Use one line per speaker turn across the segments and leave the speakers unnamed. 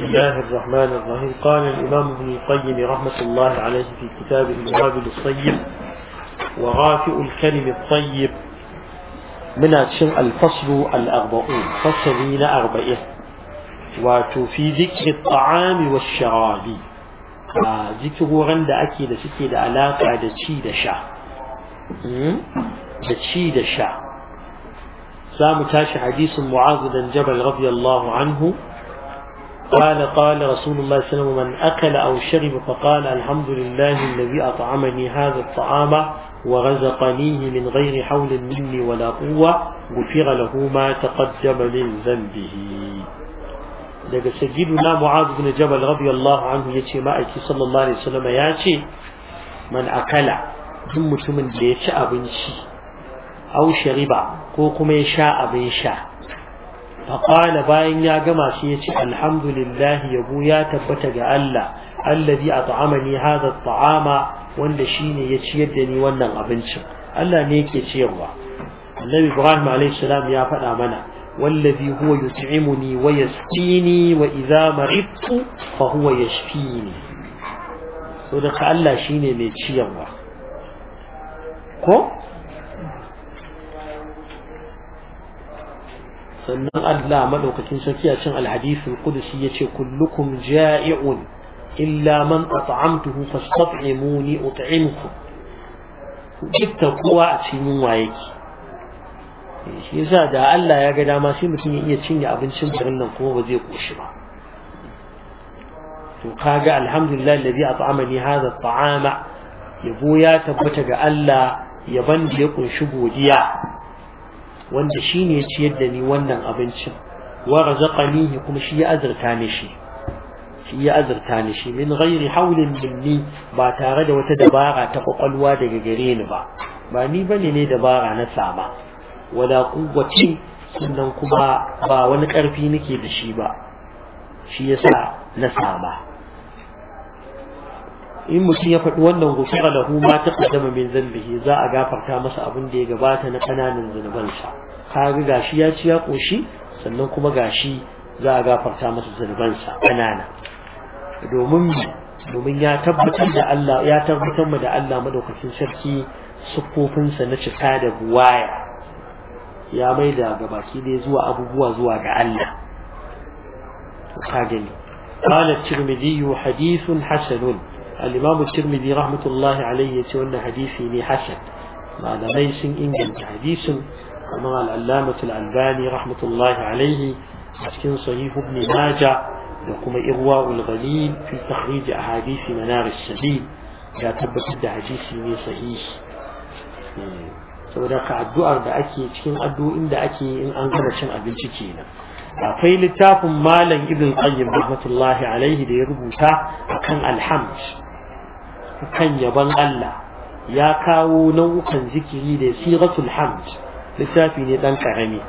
بسم الله الرحمن الرحيم قال الإمام ابن القيم رحمة الله عليه في كتابه المقابل الصيب وغافئ الكلم الطيب من أتشن الفصل الأربعون فصلين أربعين وتوفي ذكر الطعام والشراب آه، ذكر غند أكيد سكيد علاقة شيد شا شيد شا سامتاش حديث معاذ بن جبل رضي الله عنه قال قال رسول الله صلى الله عليه وسلم من أكل أو شرب فقال الحمد لله الذي أطعمني هذا الطعام ورزقنيه من غير حول مني ولا قوة غفر له ما تقدم من ذنبه daga sayyiduna mu'adh bin jabal radiyallahu anhu yace ma'aiki sallallahu alaihi ya ce man akala duk mutumin da ya ci abinci aw ko kuma ya sha abin sha faƙwana bayan ya gama shi ya ce alhamdulillahi yabo ya tabbata ga Allah allazi a ta'ama ni haza ta'ama wanda shi ne ya ciyar da ni wannan abincin Allah ne yake ciyarwa annabi ibrahim alayhi ya faɗa mana wallafi huwa yut'imuni wa yasqini wa idza maridtu fa huwa yashfini so da Allah shine mai ciyarwa ko sannan Allah madaukakin sarki a cin alhadisul qudsi yace kullukum ja'i'un illa man at'amtuhu fastat'imuni ut'imkum dukkan kowa a cikin yunwa yake shi yasa da Allah ya ga dama shi mutum ya cin ya abincin garin nan kuma ba zai koshi ba to kaga alhamdulillah alladhi at'amani hadha at'ama yabo ya tabbata ga Allah yaban da ya kunshi godiya wanda shi ne ya ciyar da ni wannan abincin wa razaqanihi kuma shi ya azurta ni shi shi ya azurta ni shi min ghairi hawlin minni ba tare da wata dabara ta kwakwalwa daga gare ni ba ba ni bane ne dabara na sama wala quwwati sannan kuma ba wani karfi nake da shi ba shi yasa na sama in mutum ya faɗi wannan gufira lahu ma taqaddama min zambihi za a gafarta masa abin da ya gabata na kananan zunubansa kaga gashi ya ci ya koshi sannan kuma gashi za a gafarta masa zunubansa kanana domin domin ya tabbatar da Allah ya tabbatar mu da Allah madaukakin sarki sa na cika da buwaya ya mai da gabaki dai zuwa abubuwa zuwa ga Allah ka gani قال الترمذي حديث حسن al-imam tirmidhi rahmatullahi alayhi yace wannan hadisi ne hasan malamai sun inganta hadisin amma al-allama al-albani rahmatullahi alayhi a cikin sahih ibn majah da kuma irwa al-ghalib fi takhrij ahadith manar al tabbatar da hadisi ne sahihi saboda ka addu'ar da ake cikin addu'o'in da ake in an gama cin abinci kenan akwai littafin malam ibn qayyim rahmatullahi alaihi da ya rubuta akan alhamd kan yabon Allah ya kawo nau'ukan zikiri da siratul hamd littafi ne dan karami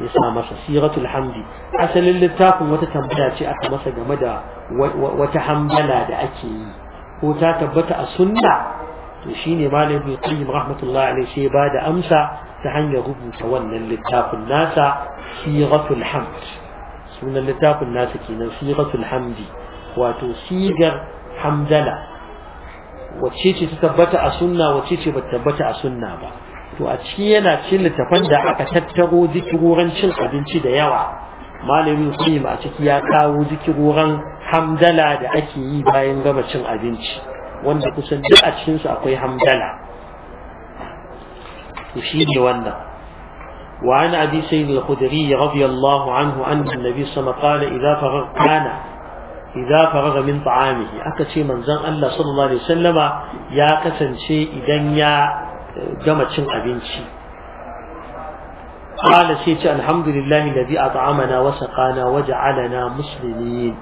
ya sa masa siratul hamdi asalin littafin wata tambaya ce aka masa game da wata hambala da ake yi ko ta tabbata a sunna to shine malam ibn qayyim rahmatullahi alaihi sai ba da amsa ta hanyar rubuta wannan littafin nasa siratul hamd sunan littafin nasa kenan siratul hamdi wato sigar hamdala wacce ce ta tabbata a sunna wacce ce ba tabbata a sunna ba to a ciki yana cin littafan da aka tattaro zikiroran cin abinci da yawa malamin qayyim a ciki ya kawo zikiroran hamdala da ake yi bayan gama cin abinci wanda kusan duk a cikinsu akwai hamdala to shi ne wannan وعن أبي سيد الخدري رضي الله عنه أن النبي صلى الله عليه وسلم قال إذا فرغت idza faraga min ta'amihi aka ce manzon Allah sallallahu alaihi wasallama ya kasance idan ya gama cin abinci qala sai ce alhamdulillah alladhi at'amana wa saqana wa ja'alana muslimin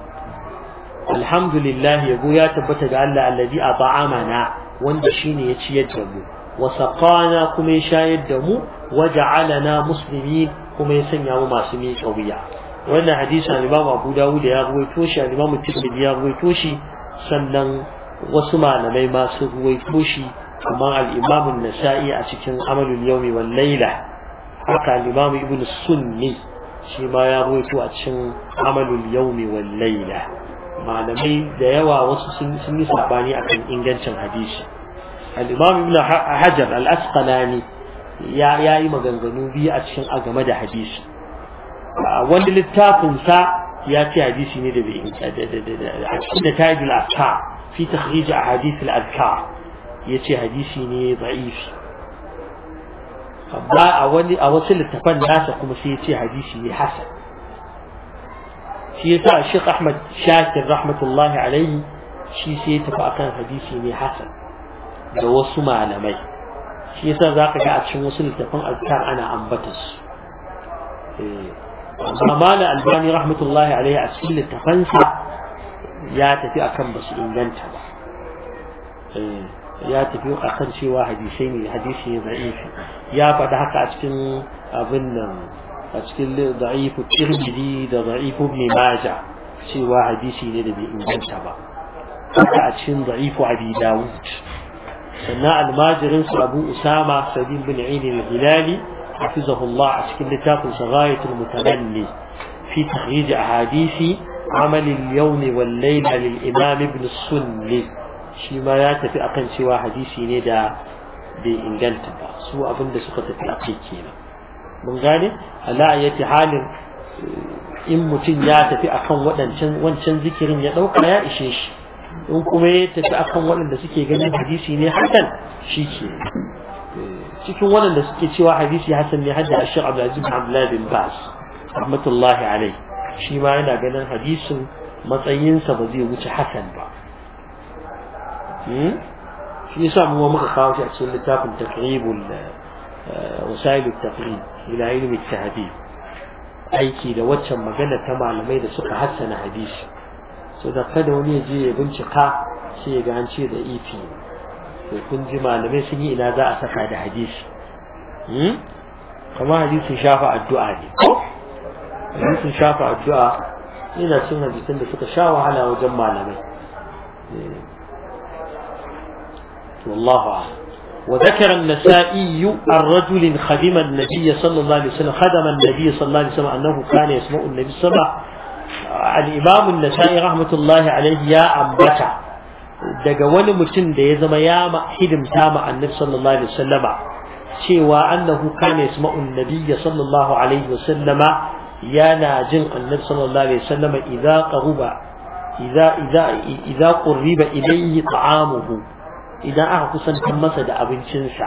alhamdulillah yabo ya tabbata ga Allah alladhi at'amana wanda shine ya ciyar da mu wa saqana kuma ya shayar da mu wa ja'alana muslimin kuma ya sanya mu masu miƙa wannan hadisi al Abu Dawud ya ruwaito shi al Tirmidhi ya ruwaito shi sannan wasu malamai ma sun ruwaito shi kamar al-Imam an-Nasa'i a cikin Amalul Yawmi wal Layla haka al-Imam Ibn Sunni shi ma ya ruwaito a cikin Amalul Yawmi wal Layla malamai da yawa wasu sun sun yi sabani akan ingancin hadisi al-Imam Ibn Hajar al-Asqalani ya yayi maganganu biyu a cikin agama da hadisi wanda littafin sa ya ce hadisi ne da bai da tajul afka fi takhrij ahadith al azkar yace hadisi ne da'ifi amma a wani a wasu littafan nasa kuma sai yace hadisi ne hasan shi yasa Sheikh Ahmad Shakir rahmatullahi alayhi shi sai ya tafi akan hadisi ne hasan da wasu malamai shi yasa zaka ga a cikin wasu littafan azkar ana ambata su amma na albani rahmatullahi alaihi a cikin littafansa ya tafi akan ba su inganta ba eh, ya tafi akan cewa hadisai ne hadisi ne da'ifi ya faɗi haka a cikin abin nan a cikin da'ifu tirmidhi da da'ifu ibn majah cewa hadisi ne da bai inganta ba haka a cikin da'ifu abi dawud sannan almajirin su abu usama sabil bin aini al-hilali حفظه الله أشكل لتاكل غاية المتمني في تخريج أحاديث عمل اليوم والليلة للإمام ابن السني shi shima ya tafi akan cewa hadisi ne da bai inganta ba su abin da suka tafi a kai kenan mun gane halin eh, in mutum ya tafi akan wadancan wancan zikirin ya ɗauka ya ishe shi in kuma ya tafi akan waɗanda suke ganin hadisi ne hakan shi ke cikin wanda suke cewa hadisi hasan ne hadda Sheikh Abdul Aziz bin abdullah bin bas rahmatullahi alayhi shi ma yana ganin hadisin matsayin sa ba zai wuce hasan ba shi yasa mu muka kawo shi a cikin littafin taqribul وسائل ila ilmi علم tahdid aiki da waccan magana ta malamai da suka hassana hadisi so da kada wani ya je ya bincika sai ya ga an ce da ifi to kun ji malamai sun yi ina za a saka da hadisi hmm? kuma hadisi shafa addu'a ne ko hadisi shafa addu'a ina cin hadisin da suka sha wahala wajen malamai والله أعلم وذكر النسائي عن رجل خدم النبي صلى الله عليه وسلم خدم النبي صلى الله عليه وسلم أنه كان يسمع النبي صلى الله عليه وسلم إمام النسائي رحمة الله عليه يا أنبتا daga wani mutum da ya zama ya hidimta ma sallallahu alaihi wasallama cewa annahu kana yasma'u nabiyya sallallahu alaihi wasallama yana jin annabi sallallahu alaihi wasallama idza qaruba idza idza idza qurriba ilayhi ta'amuhu idan aka kusantar masa da abincinsa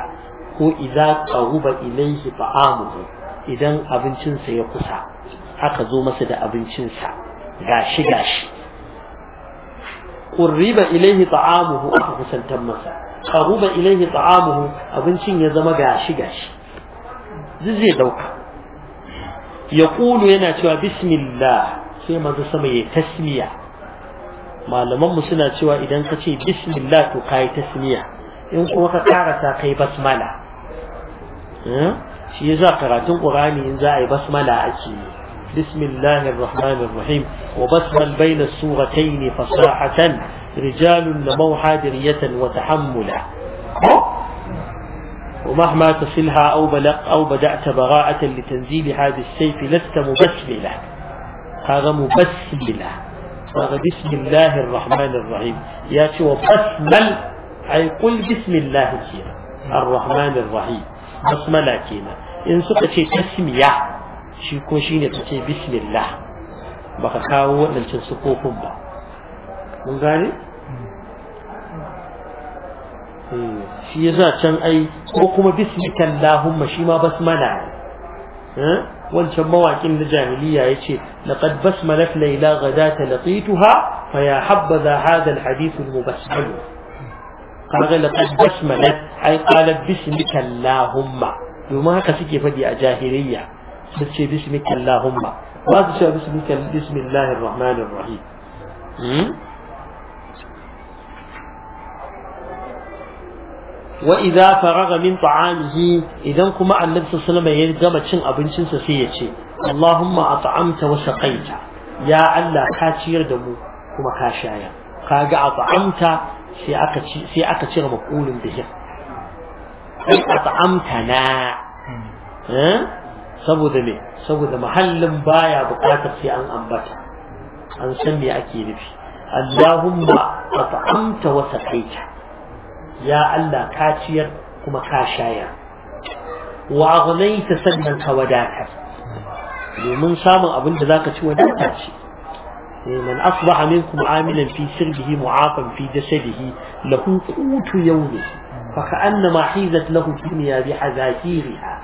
ko idza qaruba ilayhi ta'amuhu idan abincinsa ya kusa aka zo masa da abincinsa gashi gashi qurriba ilaihi ta'amuhu aka kusantar masa qaruba ilaihi ta'amuhu abincin ya zama gashi gashi duk zai dauka yaqulu yana cewa bismillah sai manzo sama yayi tasmiya malaman mu suna cewa idan ka ce bismillah to kai tasmiya in kuma ka karasa kai basmala shi yasa karatun qur'ani in za a yi basmala ake yi بسم الله الرحمن الرحيم وبثما بين السورتين فصاحة رجال لموا حادرية وتحملا ومهما تصلها أو, بلق أو بدأت براءة لتنزيل هذا السيف لست مبسملة هذا مبسملة هذا بسم الله الرحمن الرحيم ياتي وبسمل أي قل بسم الله كينا الرحمن الرحيم بسملة كينا إن سقط تسمية shi ko shi ne kace bismillah baka kawo wadancin sufofin ba mun gane shi yasa can ai ko kuma bismillahumma shi ma basmala eh wancan mawakin na jahiliya yace laqad basmala layla ghadat laqituha fa ya habbaza hadha alhadith almubasmal kaga laqad basmala ai qala bismillahumma domin haka suke fadi a jahiliya su ce bismika Allahumma ba su ce bismika bismillahir rahmanir rahim hmm? wa idza faraga min ta'amihi idan kuma annabi sallallahu alaihi ya gama cin abincin sa sai ya ce Allahumma at'amta wa kaita ya Allah ka ciyar da mu kuma ka shaya kaga at'amta sai aka ci sai aka cire a bihi at'amtana eh saboda me saboda mahallin baya bukatar sai an ambata an san me ake nufi Allahumma at'amta wa saqaita ya Allah ka ciyar kuma ka shayar wa aghnaita sannan ka wadatar domin samun abin da zaka ci wadata ce من أصبح منكم عاملا في سربه معافا في جسده له قوت يومه فكأنما حيزت له الدنيا بحذاكيرها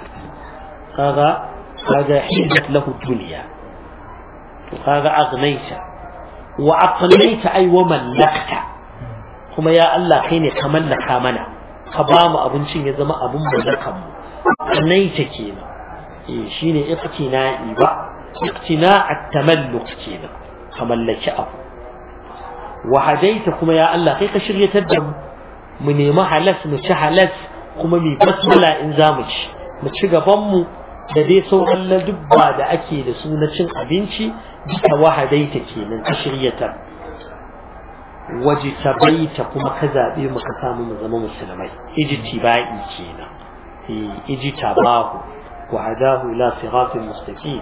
هذا هذا حجت له الدنيا هذا اغنيت واقنيت اي ومن وملكت كما يا الله كيني كملك كامنا كبام ابن شين يزما ابن ملكم اغنيت كينا إيه، شيني اقتناء اقتناء التملق كينا كملك ابو وهديت كما يا الله كيك شريت الدم من يمحلس من شحلس كما مي بسملا انزامش ما تشي da dai sauran na dubba da ake da su na cin abinci duka wahadaita kenan ta shiryata waje ta baita kuma ka zaɓe mu ka samu mu zama musulmai ijiti ba'i kenan ijita bahu wa adahu ila siratin mustaqim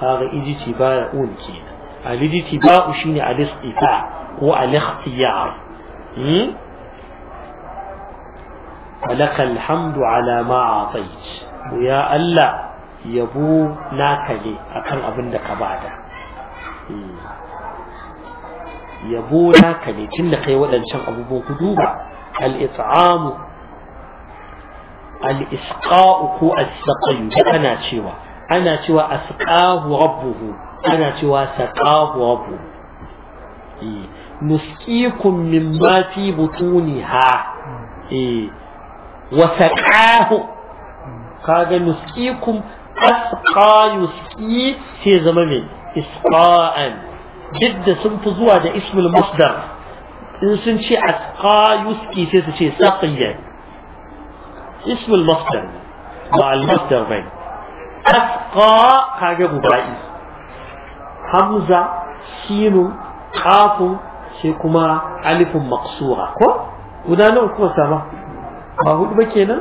kaga ijiti ba'un kenan al-ijiti ba'u shine al-istifa ko al-ikhtiyar ولك الحمد على ما أعطيت ويا الله yabo naka ne akan abin da ka bada eh. yabo naka ne tun da kai waɗancan abubuwan ku duba al-it'amu ko as ana cewa ana cewa asqahu rabbuhu ana cewa saqahu rabbuhu eh. nusqikum mimma fi butuniha eh wa saqahu kaga nuskikum اسقا يسقي في زمن إسقاء جد سنتزوا هذا اسم المصدر إنسان شيء اسقا يسقي في شيء سقيا اسم المصدر مع المصدر بين أسقى حاجة مبرئي حمزة سين قاف سيكما ألف مقصورة كو؟ ودانا كو سما ما هو بكينا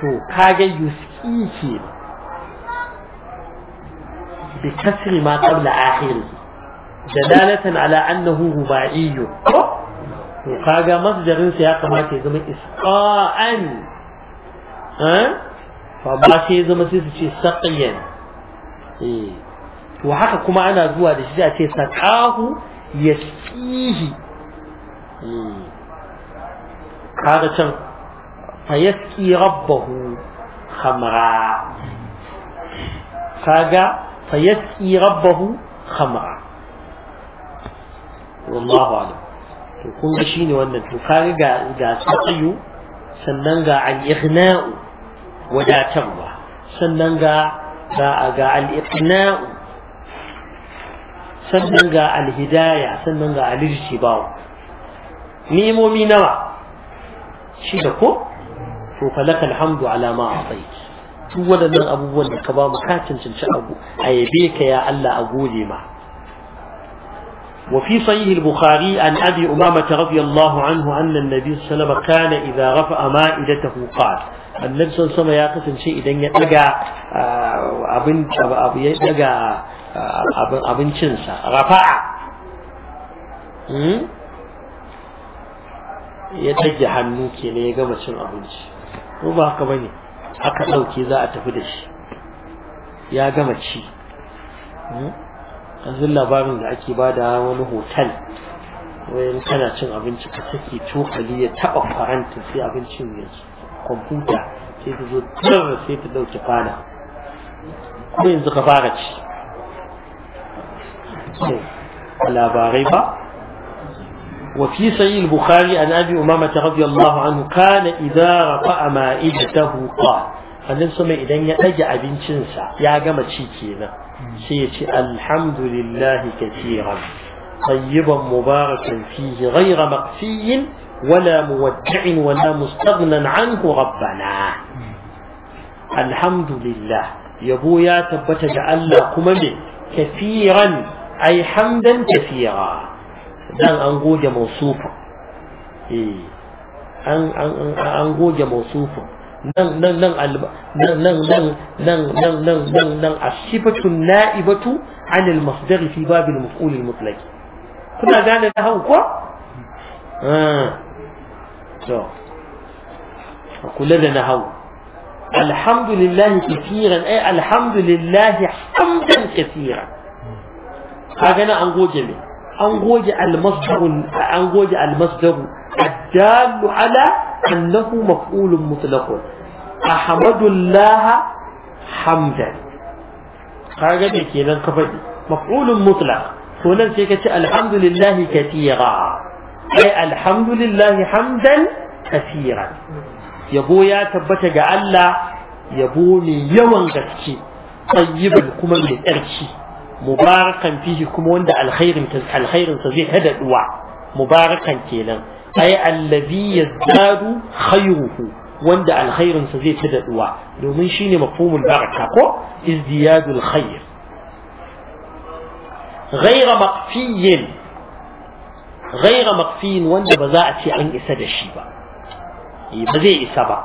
تو حاجه يسكي كينا بكسر ما قبل آخر دلالة على أنه رباعي وقاقا مصدر سياق ما تزم إسقاء أه؟ فما تزم سيسي سقيا إيه. وحقا كما أنا لشيء أتي سقاه يسقيه هذا إيه. فيسقي ربه خمرا kaga فيسقي ربه خمرا والله أعلم to kun ga shine wannan to kare ga ga tsayu sannan ga al-ighna'u wadatarwa sannan ga ga ga al-iqna'u sannan ga al-hidaya sannan ga al-ijtiba'u ni'imomi nawa shi da ko to falakal hamdu ala ma a'tayt duk waɗannan abubuwan da ka ba mu ka cancanci abu a yabe وفي صحيح البخاري عن أبي أمامة رضي الله عنه أن النبي صلى الله عليه وسلم كان إذا رفع مائدته قال النبي صلى الله عليه وسلم يقسم شيء إذا يدقى أبن يدقى أبن شنسا رفع يدقى حنوكي ليقى مثل أبن وباقى بني aka ɗauke za a tafi da shi ya gama ci hmm? yanzu labarin da ake ba da wani hotel wayan kana cin abinci ka take cokali ya taɓa faranta sai abincin ya kwamfuta sai ta zo tarar sai ta ɗauke fana ko yanzu ka fara ci labarai ba وفي صحيح البخاري عن ابي امامه رضي الله عنه كان اذا رفع مائدته قال النبي صلى اذا اجى ابن شنسى يا جماعه شيكينا شيكي الحمد لله كثيرا طيبا مباركا فيه غير مقفي ولا مودع ولا مستغنى عنه ربنا الحمد لله يا بويا تبت جعلنا كثيرا اي حمدا كثيرا dan an goge mausufa eh an an an goge mausufa nan nan nan nan nan nan nan nan nan nan asifatu na'ibatu an al-masdar fi bab al-maf'ul al-mutlaq kuna gane da hau ko to kula da nahau الحمد لله كثيرا أي الحمد لله حمدا كثيرا هذا أنا أنقول أنغوج المصدر أنغوج المصدر الدال على أنه مفعول مطلق أحمد الله حمدا هذا كذا كفدي مفعول مطلق هنا كيكة الحمد لله كثيرا أي الحمد لله حمدا كثيرا يبو يا تبت جعل يبو من يوم غسكي طيب من الأرشي مباركا فيه كم وندى الخير الخير تزيد هذا الدعاء مباركا كيلا أي الذي يزداد خيره وندى الخير تزيد هذا الدعاء لو من شين مفهوم البركة هو ازدياد الخير غير مقفي غير مقفي وندى بزاعتي عن إسد الشيبة بزي إسابة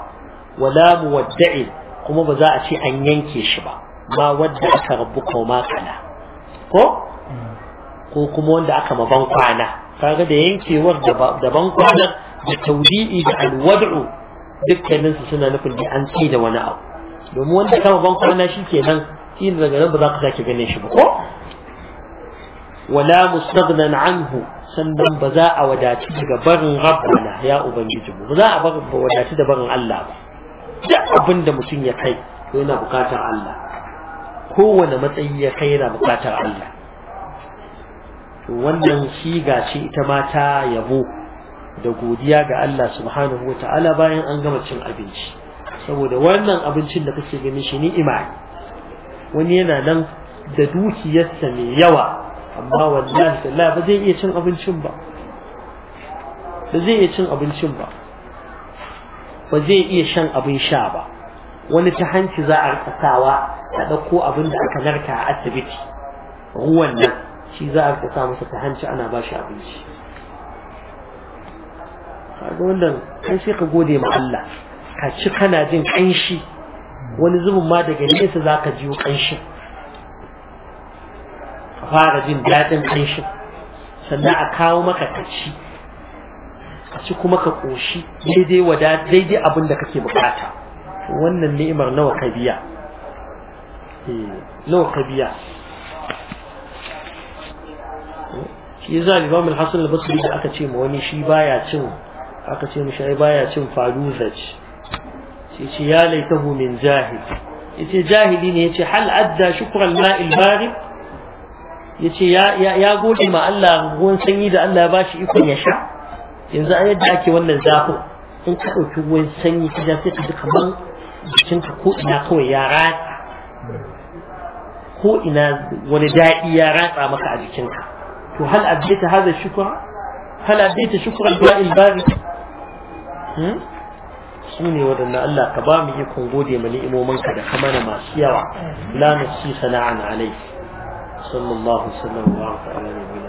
ولا مودع قم بزاعتي عن ينكي الشبة ما ودعك ربك وما كلام ko ko kuma wanda aka ma ban kwana kaga da yankewar da ban kwana da tawdi'i da alwad'u dukkanin su suna nufin da an tsaye da wani abu domin wanda kama ban kwana shi kenan shi daga nan ba za ka sake ganin shi ba ko wala mustaghnan anhu sannan ba za a wadaci daga barin rabbana ya ubangiji ba za a wadaci da barin Allah ba duk abin da mutum ya kai to yana bukatar Allah kowane matsayi ya kai yana bukatar Allah to wannan shi ce ita ma yabo da godiya ga Allah subhanahu wa ta'ala bayan an gama cin abinci saboda wannan abincin da kake gani shi ni imani wani yana nan da dukiyarsa mai yawa amma wallahi tallahi ba zai iya cin abincin ba ba zai iya cin abincin ba ba zai iya shan abin sha ba wani ta hanci za a sawa ta ɗauko abin da aka narka a asibiti ruwan nan shi za a sa masa ta hanci ana ba shi abinci kaga wannan kai sai ka gode ma Allah ka ci kana jin kanshi wani zubin ma daga nesa za ka jiyo kanshi ka fara jin daɗin kanshi sannan a kawo maka ka ci a ci kuma ka ƙoshi daidai wada daidai abin da kake bukata wannan ni'imar nawa ka biya في لوح بيع كيزالي بام الحصن البصري أكا تيم واني شي بايع تيم أكا تيم شي بايع تيم فعلوزج سيتي يا ليته من زاهد يتي جاهدين يتي حل أدى شكر الماء البارد يتي يا يا يا قولي ما الله غون سيد الله باش يكون يشع ينزع يدعك وانا زاهو انت قلت وين سيد كذا تتبقى من جنت قوة يا قوة يا رات ko ina wani daɗi ya ratsa maka a jikinka to hal abdita hadha shukra hal abdita shukra al-ba'il hmm? su ne waɗanda Allah ka ba mu ikon gode ma ni'imominka da kamana masu yawa la nasi sana'an alai sallallahu alaihi wa sallam wa ala